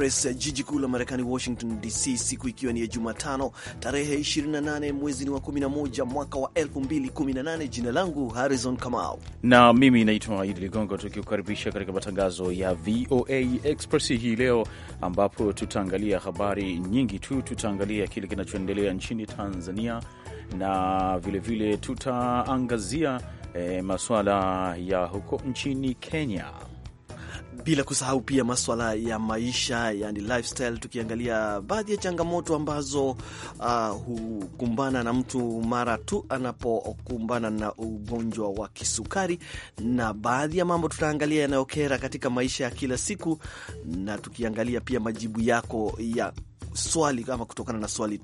Express, jiji kuu la Marekani, Washington DC, siku ikiwa ni ya Jumatano tarehe 28 mwezi ni wa 11 mwaka wa 2018. Jina langu Harrison Kamau na mimi naitwa Idi Ligongo, tukiukaribisha katika matangazo ya VOA Express hii leo, ambapo tutaangalia habari nyingi tu. Tutaangalia kile kinachoendelea nchini Tanzania na vilevile tutaangazia e, masuala ya huko nchini Kenya bila kusahau pia maswala ya maisha, yani lifestyle, tukiangalia baadhi ya changamoto ambazo uh, hukumbana na mtu mara tu anapokumbana na ugonjwa wa kisukari, na baadhi ya mambo tutaangalia yanayokera katika maisha ya kila siku, na tukiangalia pia majibu yako ya swali ama kutokana na swali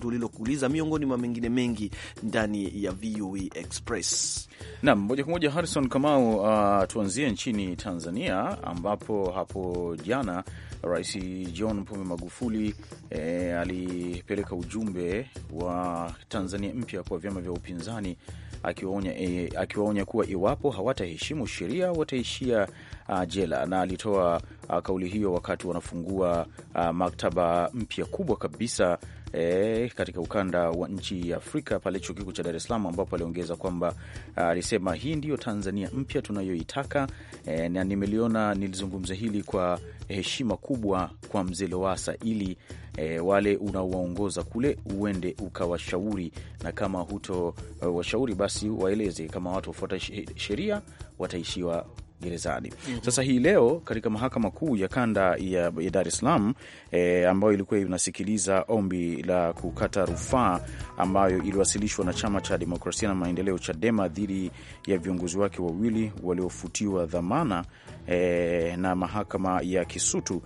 tulilokuuliza miongoni mwa mengine mengi ndani ya VOA e Express. Naam, moja kwa moja Harrison Kamau. Uh, tuanzie nchini Tanzania ambapo hapo jana Rais John Pombe Magufuli eh, alipeleka ujumbe wa Tanzania mpya kwa vyama vya upinzani akiwaonya eh, akiwaonya kuwa iwapo hawataheshimu sheria wataishia uh, jela na alitoa uh, kauli hiyo wakati wanafungua uh, maktaba mpya kubwa kabisa eh, katika ukanda wa nchi ya Afrika pale chuo kikuu cha Dar es Salaam, ambapo aliongeza kwamba uh, alisema hii ndiyo Tanzania mpya tunayoitaka. Eh, na nimeliona nilizungumza hili kwa heshima kubwa kwa mzee Lowassa ili e, wale unaowaongoza kule uende ukawashauri, na kama huto uh, washauri basi waeleze, kama watu wafuata sheria wataishiwa gerezani. Mm -hmm. Sasa hii leo katika mahakama kuu ya kanda ya Dar es Salaam e, ambayo ilikuwa inasikiliza ombi la kukata rufaa ambayo iliwasilishwa na chama cha demokrasia na maendeleo Chadema dhidi ya viongozi wake wawili waliofutiwa dhamana e, na mahakama ya Kisutu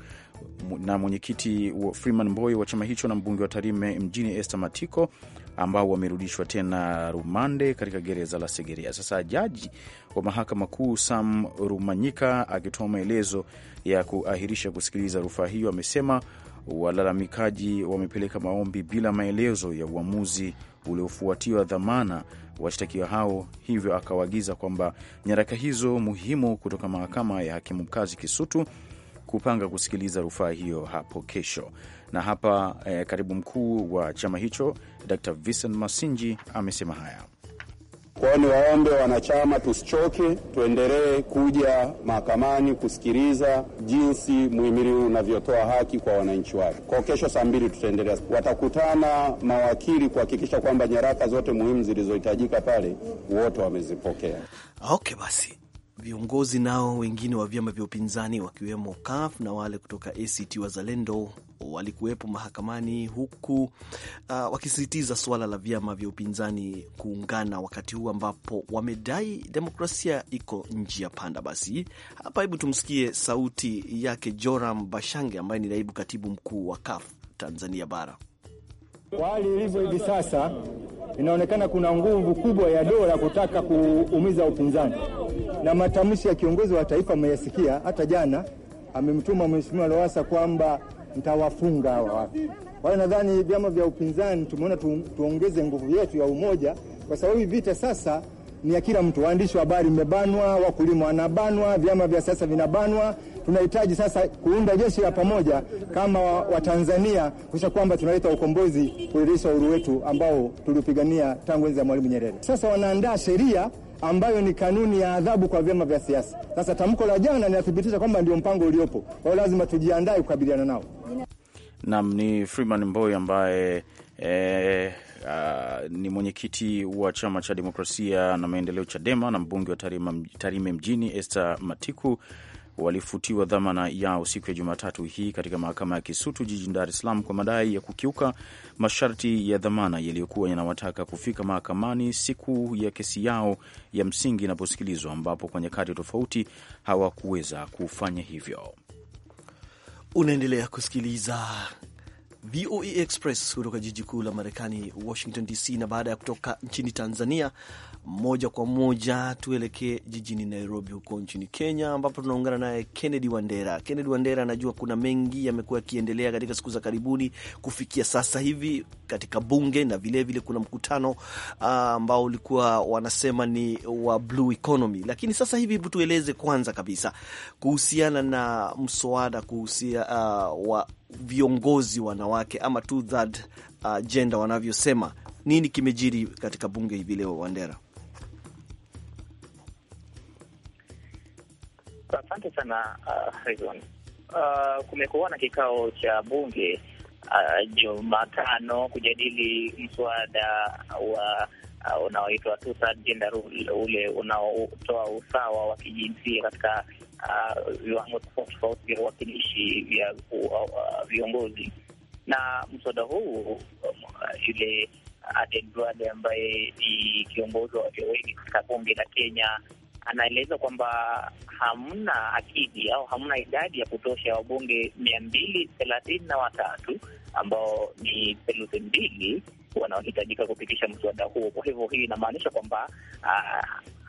na mwenyekiti Freeman Mbowe wa chama hicho na mbunge wa Tarime mjini Esther Matiko ambao wamerudishwa tena rumande katika gereza la Segerea. Sasa jaji wa Mahakama Kuu Sam Rumanyika akitoa maelezo ya kuahirisha kusikiliza rufaa hiyo, amesema walalamikaji wamepeleka maombi bila maelezo ya uamuzi uliofuatiwa dhamana washtakiwa hao, hivyo akawaagiza kwamba nyaraka hizo muhimu kutoka mahakama ya hakimu mkazi Kisutu kupanga kusikiliza rufaa hiyo hapo kesho. Na hapa eh, katibu mkuu wa chama hicho Dr. Vincent Masinji amesema haya. Kwa hiyo niwaombe wanachama tusichoke, tuendelee kuja mahakamani kusikiliza jinsi muhimili unavyotoa haki kwa wananchi wake. Kwa kesho saa mbili tutaendelea, watakutana mawakili kuhakikisha kwamba nyaraka zote muhimu zilizohitajika pale wote wamezipokea. Okay, basi viongozi nao wengine wa vyama vya upinzani wakiwemo CUF na wale kutoka ACT Wazalendo walikuwepo mahakamani huku uh, wakisisitiza suala la vyama vya upinzani kuungana wakati huu ambapo wamedai demokrasia iko njia panda. Basi hapa, hebu tumsikie sauti yake Joram Bashange ambaye ni naibu katibu mkuu wa CUF Tanzania Bara. Kwa hali ilivyo hivi sasa, inaonekana kuna nguvu kubwa ya dola kutaka kuumiza upinzani, na matamshi ya kiongozi wa taifa ameyasikia. Hata jana amemtuma Mheshimiwa Lowassa kwamba nitawafunga hawa watu. Kwa hiyo nadhani vyama vya upinzani tumeona tu, tuongeze nguvu yetu ya umoja, kwa sababu vita sasa ni ya kila mtu. Waandishi wa habari mmebanwa, wakulima wanabanwa, vyama vya siasa vinabanwa, tunahitaji sasa kuunda jeshi la pamoja kama Watanzania wa kuisha kwamba tunaleta ukombozi, kurejesha uhuru wetu ambao tuliupigania tangu enzi ya Mwalimu Nyerere. Sasa wanaandaa sheria ambayo ni kanuni ya adhabu kwa vyama vya siasa. Sasa tamko la jana linathibitisha kwamba ndio mpango uliopo, kwa hiyo lazima tujiandae kukabiliana nao. Nam ni Freeman Mboy ambaye e, eh, a, ah, ni mwenyekiti wa chama cha demokrasia na maendeleo CHADEMA na mbunge wa Tarime mjini Esther Matiku walifutiwa dhamana yao siku ya Jumatatu hii katika mahakama ya Kisutu jijini Dar es Salaam kwa madai ya kukiuka masharti ya dhamana yaliyokuwa yanawataka kufika mahakamani siku ya kesi yao ya msingi inaposikilizwa, ambapo kwa nyakati tofauti hawakuweza kufanya hivyo. Unaendelea kusikiliza VOA e Express kutoka jiji kuu la Marekani, Washington DC. Na baada ya kutoka nchini Tanzania, moja kwa moja tuelekee jijini Nairobi huko nchini Kenya, ambapo tunaungana naye Kennedy Wandera. Kennedy Wandera, anajua kuna mengi yamekuwa yakiendelea katika siku za karibuni kufikia sasa hivi katika bunge na vilevile vile kuna mkutano ah, ambao uh, ulikuwa wanasema ni wa blue economy, lakini sasa hivi, hebu tueleze kwanza kabisa kuhusiana na mswada kuhusia uh, wa viongozi wanawake ama two-third uh, gender wanavyosema. Nini kimejiri katika bunge hivi leo, Wandera? Asante sana Ridwan. Uh, uh, kumekuwa na kikao cha bunge uh, Jumatano kujadili mswada wa uh, unaoitwa two-thirds gender rule, ule unaotoa usawa wa kijinsia katika uh, viwango tofauti tofauti vya uwakilishi vya uh, viongozi. Na mswada huu yule um, Aden Duale ambaye ni kiongozi wa walio wengi katika bunge la Kenya anaeleza kwamba hamna akidi au hamna idadi ya kutosha ya wabunge mia mbili thelathini na watatu ambao ni theluthi mbili wanaohitajika kupitisha mswada huo. Kwa hivyo hii inamaanisha kwamba ah,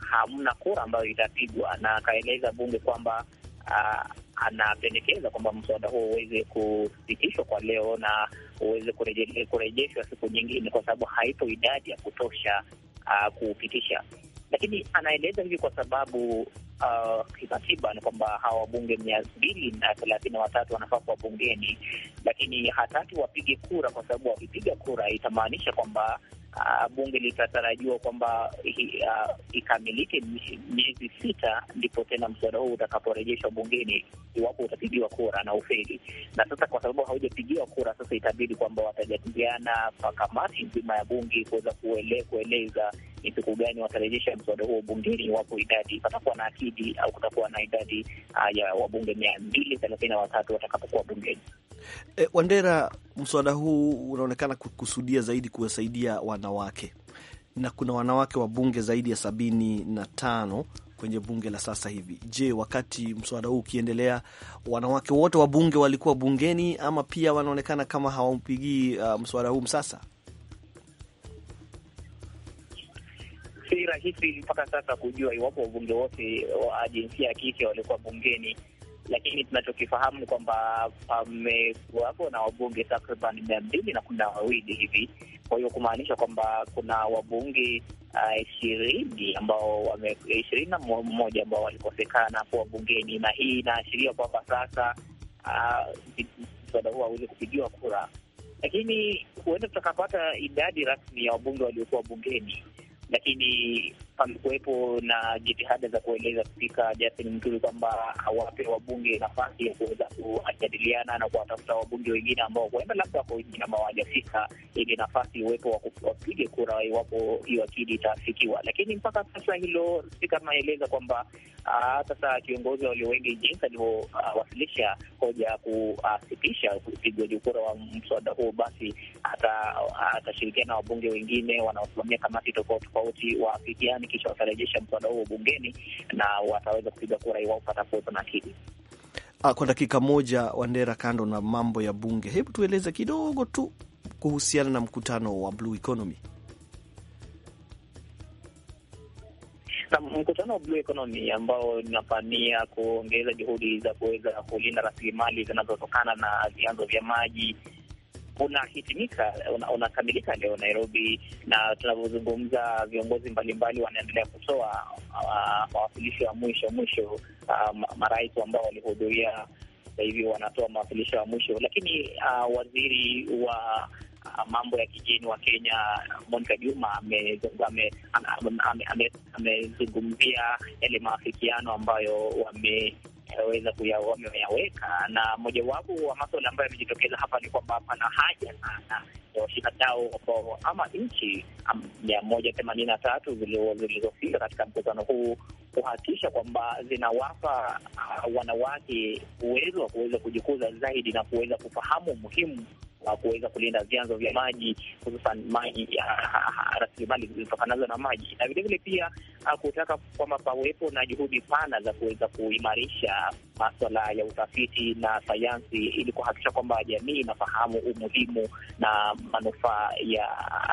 hamna kura ambayo itapigwa, na akaeleza bunge kwamba ah, anapendekeza kwamba mswada huo uweze kupitishwa kwa leo na uweze kurejeshwa siku nyingine, kwa sababu haipo idadi ya kutosha kupitisha ah, kuupitisha lakini anaeleza hivi kwa sababu uh, kikatiba ni kwamba hawa wabunge mia mbili na thelathini na watatu wanafaa kuwa bungeni, lakini hataki wapige kura, kwa sababu wakipiga kura itamaanisha kwamba Uh, bunge litatarajiwa kwamba uh, ikamilike miezi sita ndipo tena mswada huu utakaporejeshwa bungeni iwapo utapigiwa kura na ufeli. Na sasa kwa sababu haujapigiwa kura, sasa itabidi kwamba watajadiliana kwa kamati nzima ya bunge kuweza kuele, kueleza ni siku gani watarejesha mswada huo bungeni, iwapo idadi patakuwa na akidi au kutakuwa na idadi uh, ya wabunge mia mbili thelathini na watatu watakapokuwa bungeni. E, Wandera, mswada huu unaonekana kukusudia zaidi kuwasaidia wanawake na kuna wanawake wa bunge zaidi ya sabini na tano kwenye bunge la sasa hivi. Je, wakati mswada huu ukiendelea, wanawake wote wa bunge walikuwa bungeni ama pia wanaonekana kama hawampigii uh, mswada huu msasa? Si rahisi mpaka sasa kujua iwapo wabunge wote wa jinsia ya kike walikuwa bungeni, lakini tunachokifahamu ni kwamba pamekuwapo na wabunge takriban mia mbili na kumi na wawili hivi kwa hiyo kumaanisha kwamba kuna wabunge uh, ishirini uh, ambao ishirini na mmoja ambao walikosekana kuwa bungeni, na hii inaashiria kwamba sasa uh, mswada uh, huo hauwezi kupigiwa kura, lakini huenda tutakapata idadi rasmi ya wabunge waliokuwa bungeni, lakini pamekuwepo na jitihada za kueleza Spika Justin Muturi kwamba awape wabunge nafasi ya kuweza kujadiliana na kuwatafuta wabunge wengine ambao huenda labda wako wengine ambao hawajafika, ili nafasi iwepo wapige kura iwapo hiyo akidi itafikiwa. Lakini mpaka sasa hilo Spika anaeleza kwamba ah, sasa kiongozi wa walio wengi jinsi alivyowasilisha hoja ya kusitisha upigwaji kura wa mswada huo, basi atashirikiana na wabunge wengine wanaosimamia kamati tofauti tofauti waafikiani kisha watarejesha mswada huo bungeni na wataweza kupiga kura iwao patakuwepo na akili. Ah, kwa dakika moja, Wandera, kando na mambo ya bunge, hebu tueleze kidogo tu kuhusiana na mkutano wa Blue Economy. Na mkutano wa Blue Economy ambao unapania kuongeza juhudi za kuweza kulinda rasilimali zinazotokana na vyanzo vya maji unahitimika unakamilika una leo Nairobi, na tunavyozungumza viongozi mbalimbali wanaendelea kutoa uh, mawasilisho ya mwisho mwisho. Uh, marais ambao walihudhuria sasa hivi wanatoa mawasilisho ya mwisho, lakini uh, waziri wa uh, mambo ya kigeni wa Kenya Monica Juma amezungumzia yale maafikiano ambayo wame wataweza kuyaweka, na mojawapo wa maswala ambayo yamejitokeza hapa ni kwamba pana haja sana ya washikadau ama nchi mia moja themanini na tatu zilizofika katika mkutano huu kuhakikisha kwamba zinawapa uh, wanawake uwezo wa kuweza kujikuza zaidi na kuweza kufahamu umuhimu kuweza kulinda vyanzo vya maji, hususan maji, rasilimali zilizotokanazo na maji, na vilevile pia ah, kutaka kwamba pawepo na juhudi pana za kuweza kuimarisha maswala ya utafiti na sayansi ili kuhakikisha kwamba jamii inafahamu umuhimu na manufaa ya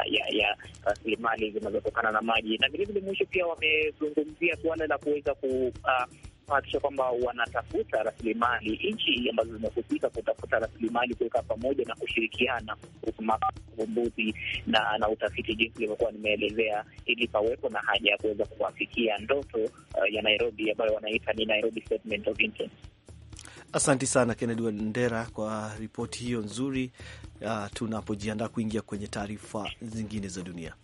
ya, ya rasilimali zinazotokana na maji. Na vilevile mwisho pia wamezungumzia suala la kuweza ku uh, kuhakikisha kwamba wanatafuta rasilimali, nchi ambazo zimehusika kutafuta rasilimali, kuweka pamoja na kushirikiana uvumbuzi na na utafiti, jinsi ilivyokuwa nimeelezea, ili pawepo na haja ya kuweza kuwafikia ndoto uh, ya Nairobi ambayo wanaita ni Nairobi Statement of Intent. Asanti sana Kennedy Wandera kwa ripoti hiyo nzuri. Uh, tunapojiandaa kuingia kwenye taarifa zingine za dunia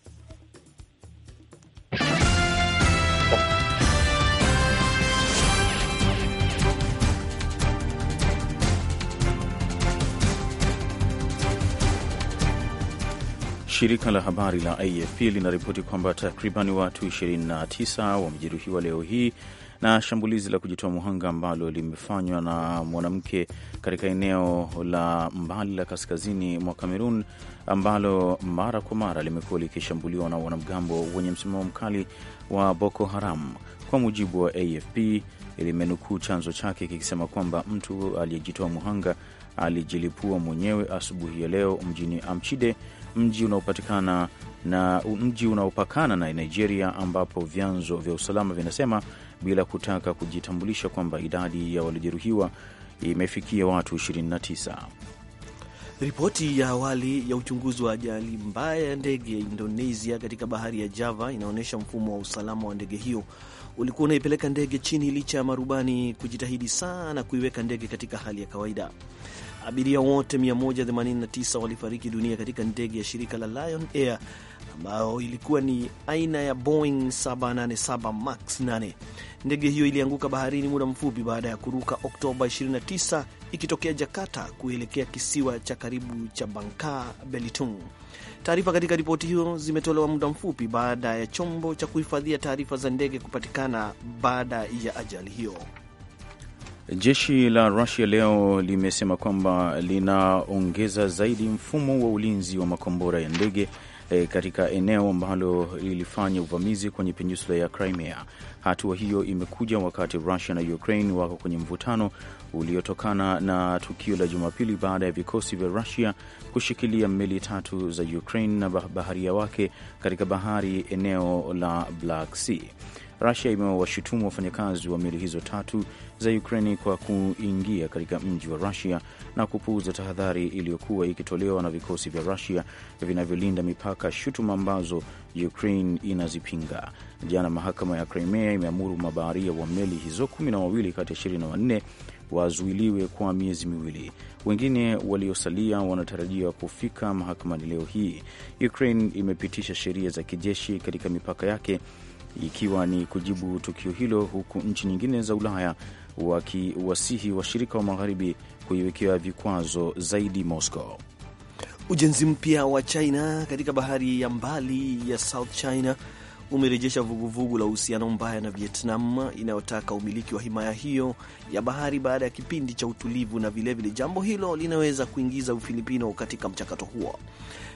Shirika la habari la AFP linaripoti kwamba takriban watu 29 wamejeruhiwa leo hii na shambulizi la kujitoa muhanga ambalo limefanywa na mwanamke katika eneo la mbali la kaskazini mwa Kamerun ambalo mara kwa mara limekuwa likishambuliwa na wanamgambo wenye msimamo mkali wa Boko Haram. Kwa mujibu wa AFP, limenukuu chanzo chake kikisema kwamba mtu aliyejitoa muhanga alijilipua mwenyewe asubuhi ya leo mjini Amchide mji unaopatikana na mji unaopakana na Nigeria, ambapo vyanzo vya usalama vinasema bila kutaka kujitambulisha kwamba idadi ya waliojeruhiwa imefikia watu 29. Ripoti ya awali ya uchunguzi wa ajali mbaya ya ndege ya Indonesia katika bahari ya Java inaonyesha mfumo wa usalama wa ndege hiyo ulikuwa unaipeleka ndege chini licha ya marubani kujitahidi sana kuiweka ndege katika hali ya kawaida. Abiria wote 189 walifariki dunia katika ndege ya shirika la Lion Air ambayo ilikuwa ni aina ya Boeing 787 Max 8. Ndege hiyo ilianguka baharini muda mfupi baada ya kuruka Oktoba 29 ikitokea Jakarta kuelekea kisiwa cha karibu cha Bangka Belitung. Taarifa katika ripoti hiyo zimetolewa muda mfupi baada ya chombo cha kuhifadhia taarifa za ndege kupatikana baada ya ajali hiyo. Jeshi la Rusia leo limesema kwamba linaongeza zaidi mfumo wa ulinzi wa makombora ya ndege e, katika eneo ambalo lilifanya uvamizi kwenye peninsula ya Crimea. Hatua hiyo imekuja wakati Rusia na Ukraine wako kwenye mvutano uliotokana na tukio la Jumapili baada ya vikosi vya Rusia kushikilia meli tatu za Ukraine na baharia wake katika bahari eneo la Black Sea. Rusia imewashutumu wafanyakazi wa meli hizo tatu za Ukraini kwa kuingia katika mji wa Rusia na kupuuza tahadhari iliyokuwa ikitolewa na vikosi vya Rusia vinavyolinda mipaka, shutuma ambazo Ukraine inazipinga. Jana mahakama ya Crimea imeamuru mabaharia wa meli hizo kumi na wawili kati ya ishirini na wanne wazuiliwe kwa miezi miwili. Wengine waliosalia wanatarajia kufika mahakamani leo hii. Ukraine imepitisha sheria za kijeshi katika mipaka yake ikiwa ni kujibu tukio hilo, huku nchi nyingine za Ulaya wakiwasihi washirika wa magharibi kuiwekea vikwazo zaidi Moscow. Ujenzi mpya wa China katika bahari ya mbali ya South China umerejesha vuguvugu la uhusiano mbaya na Vietnam inayotaka umiliki wa himaya hiyo ya bahari baada ya kipindi cha utulivu, na vilevile vile jambo hilo linaweza kuingiza Ufilipino katika mchakato huo.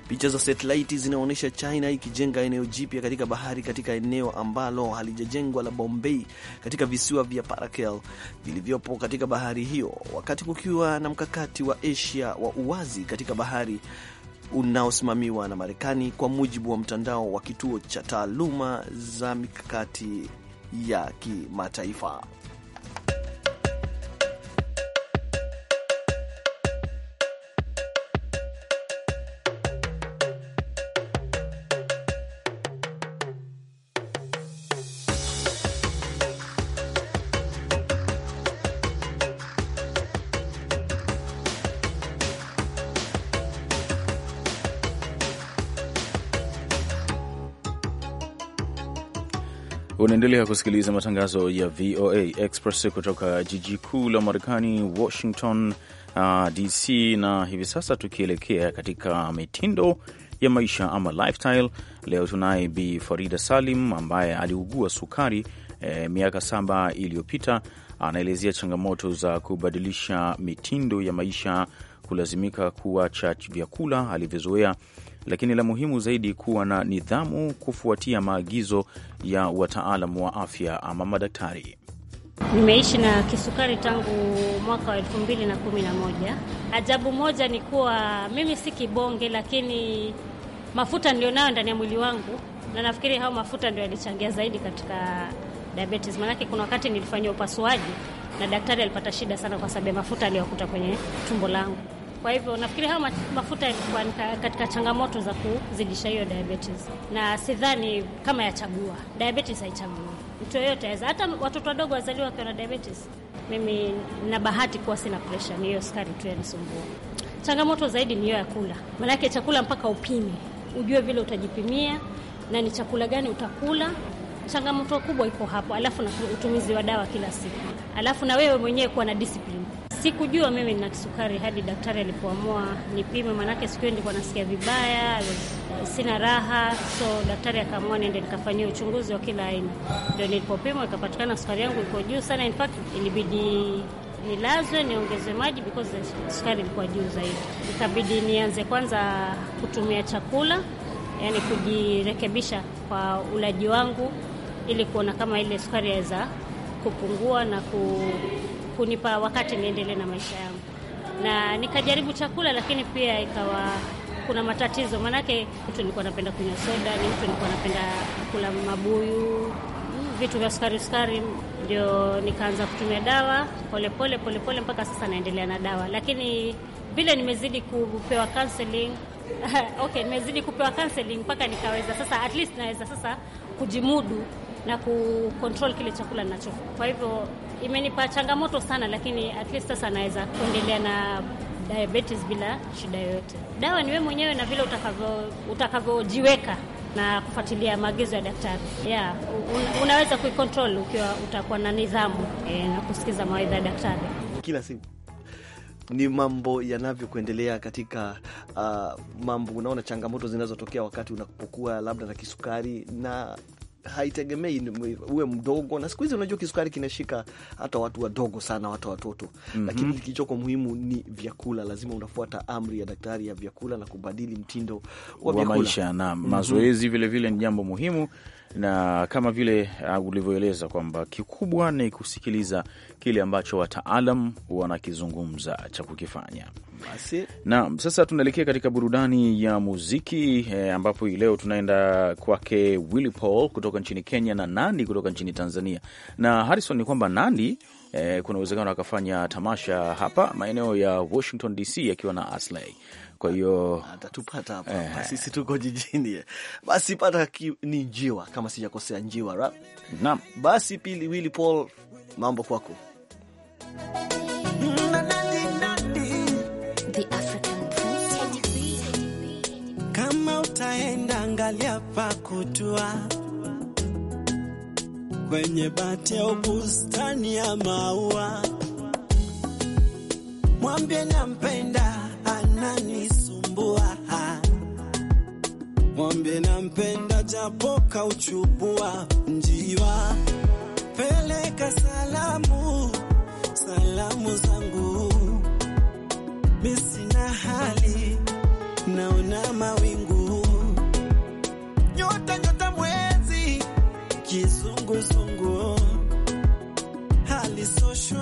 Picha za satelaiti zinaonyesha China ikijenga eneo jipya katika bahari katika eneo ambalo halijajengwa la Bombay katika visiwa vya Parakel vilivyopo katika bahari hiyo, wakati kukiwa na mkakati wa Asia wa uwazi katika bahari unaosimamiwa na Marekani, kwa mujibu wa mtandao wa kituo cha taaluma za mikakati ya kimataifa. Unaendelea kusikiliza matangazo ya VOA Express kutoka jiji kuu la Marekani, Washington uh, DC, na hivi sasa tukielekea katika mitindo ya maisha ama lifestyle. Leo tunaye Bi Farida Salim ambaye aliugua sukari eh, miaka saba iliyopita. Anaelezea changamoto za kubadilisha mitindo ya maisha, kulazimika kuacha vyakula alivyozoea lakini la muhimu zaidi kuwa na nidhamu kufuatia maagizo ya wataalam wa afya ama madaktari. Nimeishi na kisukari tangu mwaka wa elfu mbili na kumi na moja. Ajabu moja ni kuwa mimi si kibonge, lakini mafuta nilionayo ndani ya mwili wangu, na nafikiri hao mafuta ndio yalichangia zaidi katika diabetes. Maanake kuna wakati nilifanyia upasuaji na daktari alipata shida sana kwa sababu ya mafuta aliyokuta kwenye tumbo langu. Kwa hivyo nafikiri hayo mafuta yalikuwa katika changamoto za kuzidisha hiyo diabetes, na sidhani kama yachagua. Diabetes haichagua mtu yoyote, aweza hata watoto wadogo wazaliwa wakiwa na diabetes. Mimi na bahati kuwa sina presha, ni hiyo sukari tu yanisumbua. Changamoto zaidi ni hiyo ya kula, maanake chakula mpaka upime, ujue vile utajipimia na ni chakula gani utakula. Changamoto kubwa iko hapo, alafu na utumizi wa dawa kila siku, alafu na wewe mwenyewe kuwa na discipline Sikujua mimi nina kisukari hadi daktari alipoamua nipime, maanake siku hiyo nilikuwa nasikia vibaya, sina raha, so daktari akaamua niende nikafanyia uchunguzi wa kila aina. Ndio nilipopimwa ikapatikana sukari yangu iko juu sana, in fact ilibidi nilazwe niongeze maji because sukari ilikuwa juu zaidi. Ikabidi nianze kwanza kutumia chakula, yani kujirekebisha kwa ulaji wangu, ili kuona kama ile sukari yaweza kupungua na ku kunipa wakati niendelee na maisha yangu, na nikajaribu chakula, lakini pia ikawa kuna matatizo, maanake mtu nilikuwa napenda kunywa soda, ni mtu nilikuwa napenda kula mabuyu, vitu vya sukari sukari. Ndio nikaanza kutumia dawa polepole polepole pole, mpaka sasa naendelea na dawa, lakini vile nimezidi kupewa counseling okay, nimezidi kupewa counseling mpaka nikaweza sasa, at least naweza sasa kujimudu na kucontrol kile chakula ninachokula. Kwa hivyo imenipa changamoto sana, lakini at least sasa naweza kuendelea na diabetes bila shida yoyote. Dawa ni wewe mwenyewe na vile utakavyojiweka na kufuatilia maagizo ya daktari. Yeah, unaweza kuikontrol ukiwa utakuwa na nidhamu e, na kusikiza mawaidha ya daktari kila siku ni mambo yanavyokuendelea katika uh, mambo unaona changamoto zinazotokea wakati unapokuwa labda na kisukari na haitegemei uwe mdogo, na siku hizi unajua kisukari kinashika hata watu wadogo sana, hata watoto mm -hmm. Lakini kilichoko muhimu ni vyakula, lazima unafuata amri ya daktari ya vyakula na kubadili mtindo wa, wa maisha na mhm. mazoezi mm -hmm. Vilevile ni jambo muhimu na kama vile uh, ulivyoeleza kwamba kikubwa ni kusikiliza kile ambacho wataalam wanakizungumza cha kukifanya. Basi. sasa tunaelekea katika burudani ya muziki e, ambapo hii leo tunaenda kwake Willy Paul kutoka nchini Kenya na Nandi kutoka nchini Tanzania. Na Harrison, ni kwamba Nandi e, kuna uwezekano akafanya tamasha hapa maeneo ya Washington DC akiwa na Aslay kwa hiyo atatupata hapa eh. Sisi tuko jijini, basi pata ni njiwa kama sijakosea, njiwa ra naam. Basi pili, Willy Paul, mambo kwako. kwa. angalia pa kutua kwenye bati au bustani ya maua, mwambie nampenda, ananisumbua, mwambie nampenda, japo kauchubua njiwa, peleka salamu, salamu zangu, mimi sina hali, naona mawingu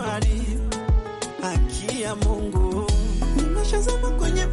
Shomari, haki ya Mungu nimeshazama kwenye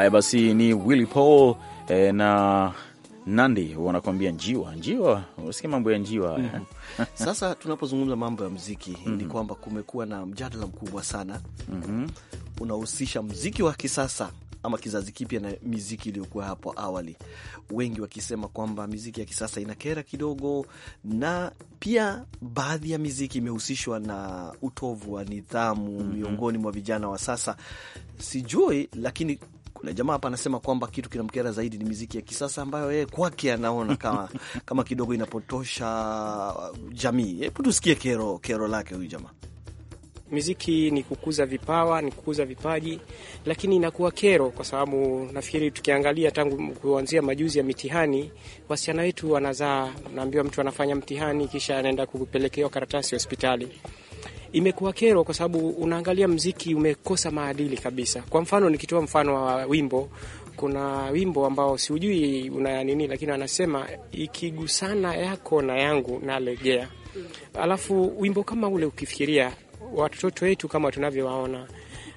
Haya basi, ni Willy Paul e, na Nandi wanakuambia njiwa njiwa, usikia mambo ya njiwa mm -hmm. Sasa tunapozungumza mambo ya mziki mm -hmm. ni mhm. kwamba kumekuwa na mjadala mkubwa sana mm -hmm. unahusisha mziki wa kisasa ama kizazi kipya na miziki iliyokuwa hapo awali, wengi wakisema kwamba miziki ya kisasa inakera kidogo, na pia baadhi ya miziki imehusishwa na utovu wa nidhamu mm -hmm. miongoni mwa vijana wa sasa, sijui lakini kuna jamaa hapa anasema kwamba kitu kinamkera zaidi ni miziki ya kisasa ambayo yeye kwake anaona kama, kama kidogo inapotosha uh, jamii. Hebu tusikie kero, kero lake huyu jamaa. Miziki ni kukuza vipawa, ni kukuza vipaji, lakini inakuwa kero kwa sababu nafikiri tukiangalia tangu kuanzia majuzi ya mitihani, wasichana wetu wanazaa, naambiwa mtu anafanya mtihani kisha anaenda kupelekewa karatasi hospitali imekuwa kero, kwa sababu unaangalia mziki umekosa maadili kabisa. Kwa mfano, nikitoa mfano wa wimbo, kuna wimbo ambao siujui una nini, lakini anasema ikigusana yako na yangu nalegea. Alafu wimbo kama ule, ukifikiria watoto wetu kama tunavyowaona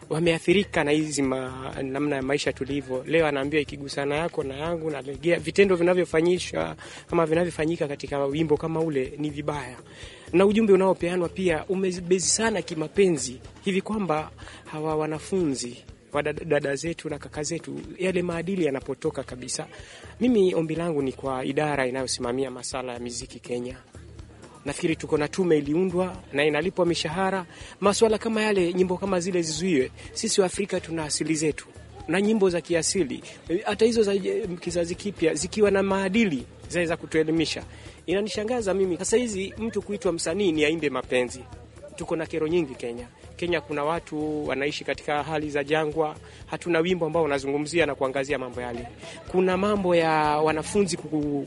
wameathirika na hizi ma, namna ya maisha tulivyo leo. Anaambiwa ikigusana yako na yangu nalegea. Vitendo vinavyofanyishwa ama vinavyofanyika katika wimbo kama ule ni vibaya na ujumbe unaopeanwa pia umebezi sana kimapenzi, hivi kwamba hawa wanafunzi wa dada zetu na kaka zetu, yale maadili yanapotoka kabisa. Mimi ombi langu ni kwa idara inayosimamia masala ya miziki Kenya. Nafikiri tuko na tume iliundwa na inalipwa mishahara. Maswala kama yale, nyimbo kama zile zizuiwe. Sisi Waafrika tuna asili zetu na nyimbo za kiasili, hata hizo za kizazi kipya zikiwa na maadili zaweza kutuelimisha. Inanishangaza mimi sasa hizi mtu kuitwa msanii ni aimbe mapenzi. Tuko na kero nyingi Kenya. Kenya kuna watu wanaishi katika hali za jangwa, hatuna wimbo ambao unazungumzia na kuangazia mambo yale. Kuna mambo ya wanafunzi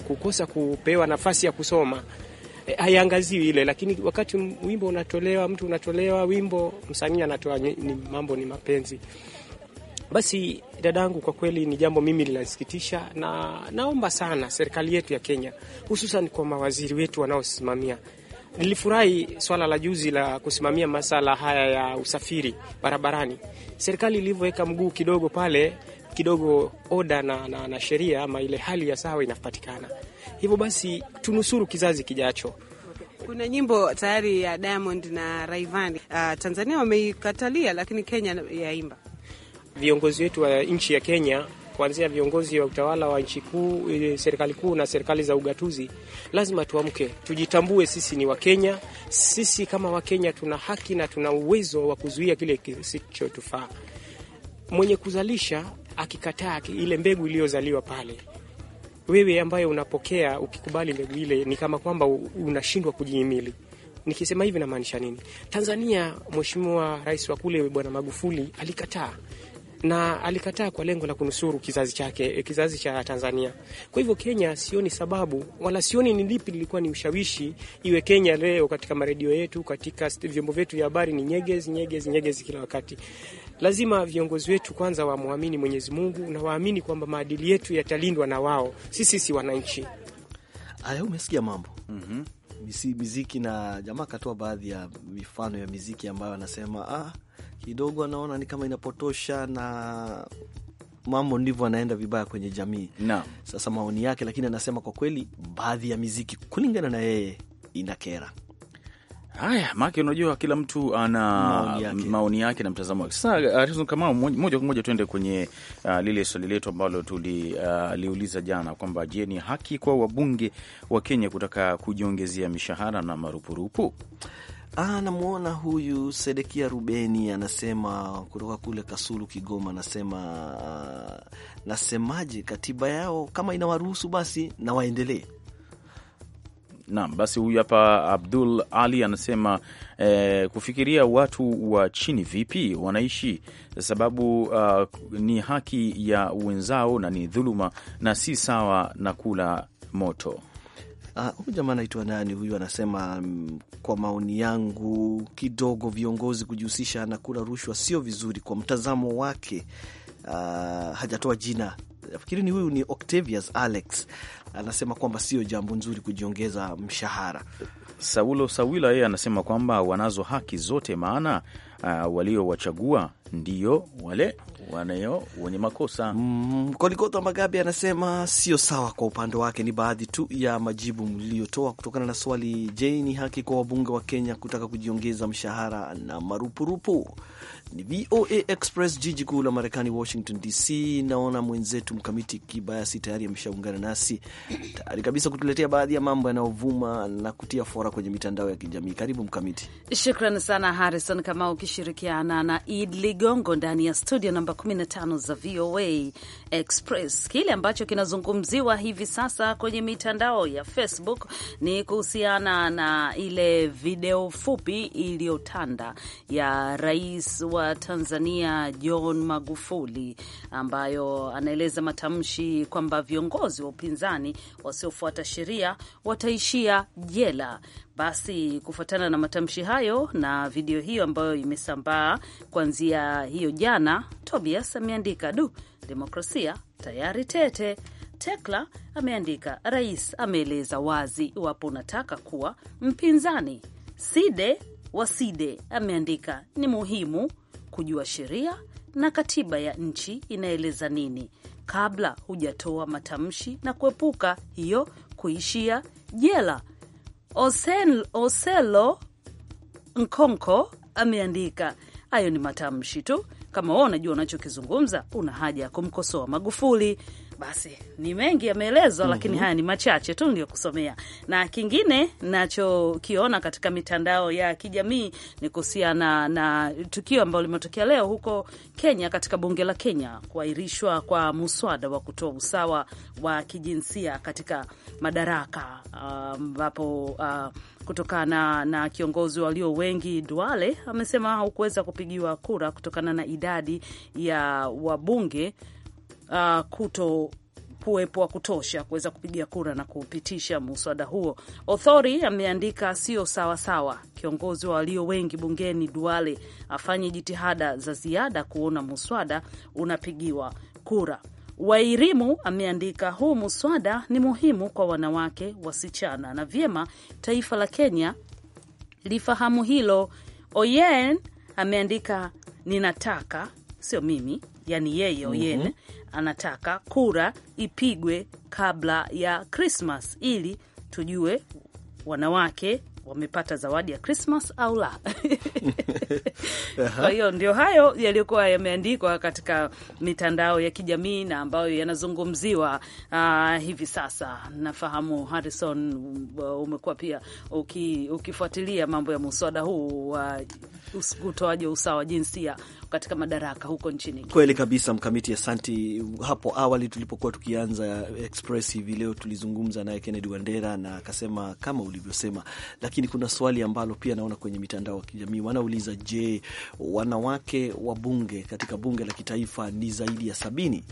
kukosa kupewa nafasi ya kusoma eh, haiangaziwi ile, lakini wakati wimbo unatolewa, mtu unatolewa wimbo, msanii anatoa mambo ni mapenzi. Basi dadangu, kwa kweli ni jambo mimi linasikitisha, na naomba sana serikali yetu ya Kenya, hususan kwa mawaziri wetu wanaosimamia Nilifurahi swala la juzi la kusimamia masala haya ya usafiri barabarani, serikali ilivyoweka mguu kidogo pale kidogo oda na, na, na sheria ama ile hali ya sawa inapatikana. Hivyo basi tunusuru kizazi kijacho. Kuna nyimbo tayari ya Diamond na Rayvanny uh, ah, Tanzania wameikatalia, lakini Kenya yaimba viongozi wetu wa nchi ya Kenya kuanzia viongozi wa utawala wa nchi kuu, eh, serikali kuu na serikali za ugatuzi, lazima tuamke, tujitambue. Sisi ni Wakenya. Sisi kama Wakenya tuna haki na tuna uwezo wa kuzuia kile kisichotufaa. Mwenye kuzalisha akikataa ile mbegu iliyozaliwa pale, wewe ambaye unapokea, ukikubali mbegu ile, ni kama kwamba unashindwa kujihimili. Nikisema hivi namaanisha nini? Tanzania, Mheshimiwa Rais wa kule Bwana Magufuli alikataa na alikataa kwa lengo la kunusuru kizazi chake, eh, kizazi cha Tanzania. Kwa hivyo Kenya, sioni sababu wala sioni ni lipi lilikuwa ni ushawishi iwe Kenya leo katika maredio yetu, katika vyombo vyetu vya habari ni nyegezi, nyegezi, nyegezi kila wakati. Lazima viongozi wetu kwanza wamwamini Mwenyezi Mungu na waamini kwamba maadili yetu yatalindwa na wao, si sisi wananchi. Aya, umesikia mambo mm -hmm. miziki na jamaa akatoa baadhi ya mifano ya miziki ambayo anasema ah kidogo anaona ni kama inapotosha na mambo ndivyo anaenda vibaya kwenye jamii na. Sasa maoni yake, lakini anasema kwa kweli baadhi ya miziki kulingana na yeye inakera. Haya, maake unajua kila mtu ana maoni yake na mtazamo wake. Sasa uh, kama moja kwa moja tuende kwenye uh, lile swali letu ambalo tuliuliza uh, jana kwamba je, ni haki kwa wabunge wa Kenya kutaka kujiongezea mishahara na marupurupu? Ah, namwona huyu Sedekia Rubeni anasema kutoka kule Kasulu, Kigoma, anasema ah, nasemaje, katiba yao kama inawaruhusu basi na waendelee. Naam, basi huyu hapa Abdul Ali anasema eh, kufikiria watu wa chini vipi wanaishi, sababu uh, ni haki ya wenzao na ni dhuluma na si sawa na kula moto. Huyu uh, jamaa anaitwa nani huyu? Anasema um, kwa maoni yangu kidogo, viongozi kujihusisha na kula rushwa sio vizuri kwa mtazamo wake. Uh, hajatoa jina, nafikiri ni huyu ni Octavius Alex anasema kwamba sio jambo nzuri kujiongeza mshahara. Saulo Sawila yeye anasema kwamba wanazo haki zote, maana uh, waliowachagua ndio wale wanayo wenye makosa. Mm, Kolikoto Magabi anasema sio sawa. Kwa upande wake ni baadhi tu ya majibu mliotoa kutokana na swali, je, ni haki kwa wabunge wa Kenya kutaka kujiongeza mshahara na marupurupu? Ni VOA Express, jiji kuu la Marekani, Washington DC. Naona mwenzetu Mkamiti Kibayasi tayari ameshaungana nasi tayari kabisa kutuletea baadhi ya mambo yanayovuma na kutia fora kwenye mitandao ya kijamii. Karibu Mkamiti. Shukran sana Harrison kama ukishirikiana na Id Ligongo ndani ya studio namba 15 za VOA Express. Kile ambacho kinazungumziwa hivi sasa kwenye mitandao ya Facebook ni kuhusiana na ile video fupi iliyotanda ya rais wa Tanzania John Magufuli, ambayo anaeleza matamshi kwamba viongozi wa upinzani wasiofuata sheria wataishia jela. Basi kufuatana na matamshi hayo na video hiyo ambayo imesambaa kuanzia hiyo jana, Tobias ameandika du, demokrasia tayari tete. Tekla ameandika rais ameeleza wazi iwapo unataka kuwa mpinzani. Side Waside ameandika ni muhimu kujua sheria na katiba ya nchi inaeleza nini kabla hujatoa matamshi na kuepuka hiyo kuishia jela. Oselo Nkonko ameandika hayo ni matamshi tu. Kama wewe unajua unachokizungumza, una haja ya kumkosoa Magufuli. Basi ni mengi yameelezwa, mm -hmm. lakini haya ni machache tu niliyokusomea, na kingine nachokiona katika mitandao ya kijamii ni kuhusiana na tukio ambalo limetokea leo huko Kenya, katika bunge la Kenya, kuahirishwa kwa muswada wa kutoa usawa wa kijinsia katika madaraka ambapo uh, uh, kutokana na kiongozi walio wengi Duale amesema haukuweza kupigiwa kura kutokana na idadi ya wabunge uh, kuto kuwepo wa kutosha kuweza kupigia kura na kupitisha muswada huo. Othori ameandika sio sawasawa kiongozi wa walio wengi bungeni Duale afanye jitihada za ziada kuona muswada unapigiwa kura. Wairimu ameandika huu muswada ni muhimu kwa wanawake, wasichana, na vyema taifa la Kenya lifahamu hilo. Oyen ameandika ninataka, sio mimi yani yeye Oyen mm -hmm. anataka kura ipigwe kabla ya Krismas ili tujue wanawake wamepata zawadi ya Krismas au la. Kwa hiyo ndio hayo yaliyokuwa yameandikwa katika mitandao ya kijamii na ambayo yanazungumziwa uh, hivi sasa. Nafahamu Harrison, uh, umekuwa pia uki, ukifuatilia mambo ya muswada huu wa uh, utoaji wa usawa jinsia katika madaraka huko nchini. Kweli kabisa, Mkamiti. Asanti. Hapo awali tulipokuwa tukianza Express hivi leo tulizungumza naye Kennedy Wandera na akasema kama ulivyosema, lakini kuna swali ambalo pia naona kwenye mitandao ya kijamii wanauliza, je, wanawake wa bunge katika bunge la kitaifa ni zaidi ya sabini?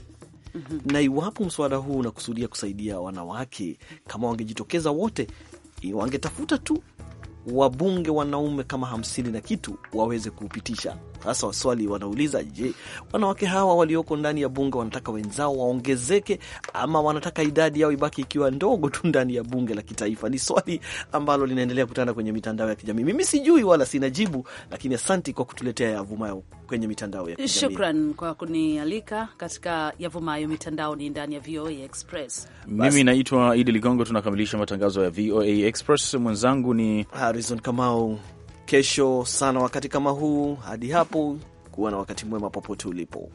Mm -hmm. Na iwapo mswada huu unakusudia kusaidia wanawake, kama wangejitokeza wote, wangetafuta tu wabunge wanaume kama hamsini na kitu waweze kuupitisha sasa waswali wanauliza, je, wanawake hawa walioko ndani ya bunge wanataka wenzao waongezeke ama wanataka idadi yao ibaki ikiwa ndogo tu ndani ya bunge la kitaifa? Ni swali ambalo linaendelea kutanda kwenye mitandao ya kijamii. Mimi sijui wala sina jibu, lakini asanti kwa kutuletea yavumayo kwenye mitandao ya kijamii. Shukran kwa kunialika katika yavumayo ni ndani ya VOA Express. Mimi naitwa Idi Ligongo, tunakamilisha matangazo ya VOA Express. Mwenzangu ni Harrison Kamau kesho sana wakati kama huu. Hadi hapo, kuwa na wakati mwema popote ulipo.